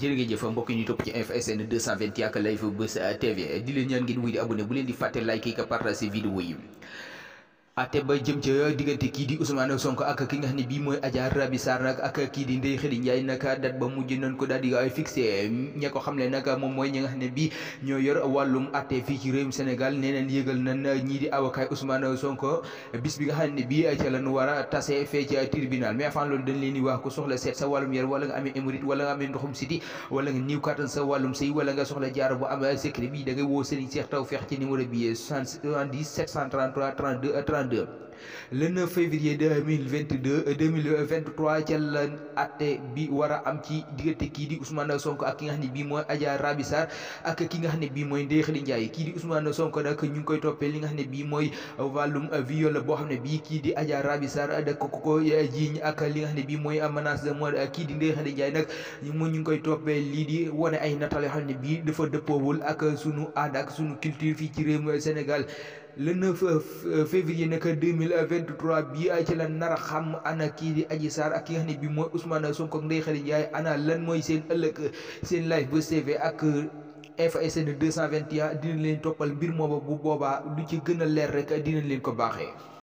jërëjëf mbokk yi ñu topp ci IFSN 221 ak TV di leen ñaan ngeen di abonné bu leen di fàtte like yi ka partage vidéo yi ate ba jëm ca diggante kii di a Sonko ak ki ak kii di Ndeye Khady Ndiaye nag ba mujj nañ ko daal di ay fixé ci réewum Sénégal nee yëgal nañ ñii di avocat Ousmane Sonko bis bi nga xam ne bii ca lañ war a tase fee ca tribunal mais avant loolu dañ leen di wax soxla seet sa wàllum yar wala nga amee émorite wala nga amee ndoxum siti wala nga niiw kattan sa wàllum sëy wala nga soxla jaar bu am secret bi da ngay woo Serigne Cheikh Tawfekh ci 1942 le 9 février 2022 2023 ca la atte bi war a am ci diggante kii di Ousmane sonk ak ki nga xam ne bii mooy Adja Rabi Sarr ak ki nga xam ne bii mooy Ndeye Khady Ndiaye kii di Ousmane Sonko nag ñu ngi koy toppee li nga xam ne bii mooy wàllum viol boo xam ne bii kii di Adja Rabi Sarr da ko ko jiiñ ak li nga xam ne bii mooy menace de kii di Ndeye Khady Ndiaye nag mu ñu ngi koy toppee lii di wane ay nataal yoo xam ne bii dafa dëppoowul ak sunu aada ak sunu culture fii ci réew Sénégal le 9 euh, euh, février nag 2023 bi ci la nara xam ana kii di Adji ak ki nga xam ne bi mooy Ousmane Sonko ak Ndeye Khady Ndiaye ana lan mooy seen ëllëg seen live bu CV ak FSN 221 dina leen toppal mbir moomu bu boobaa lu ci gën a leer rek dina leen ko baaxee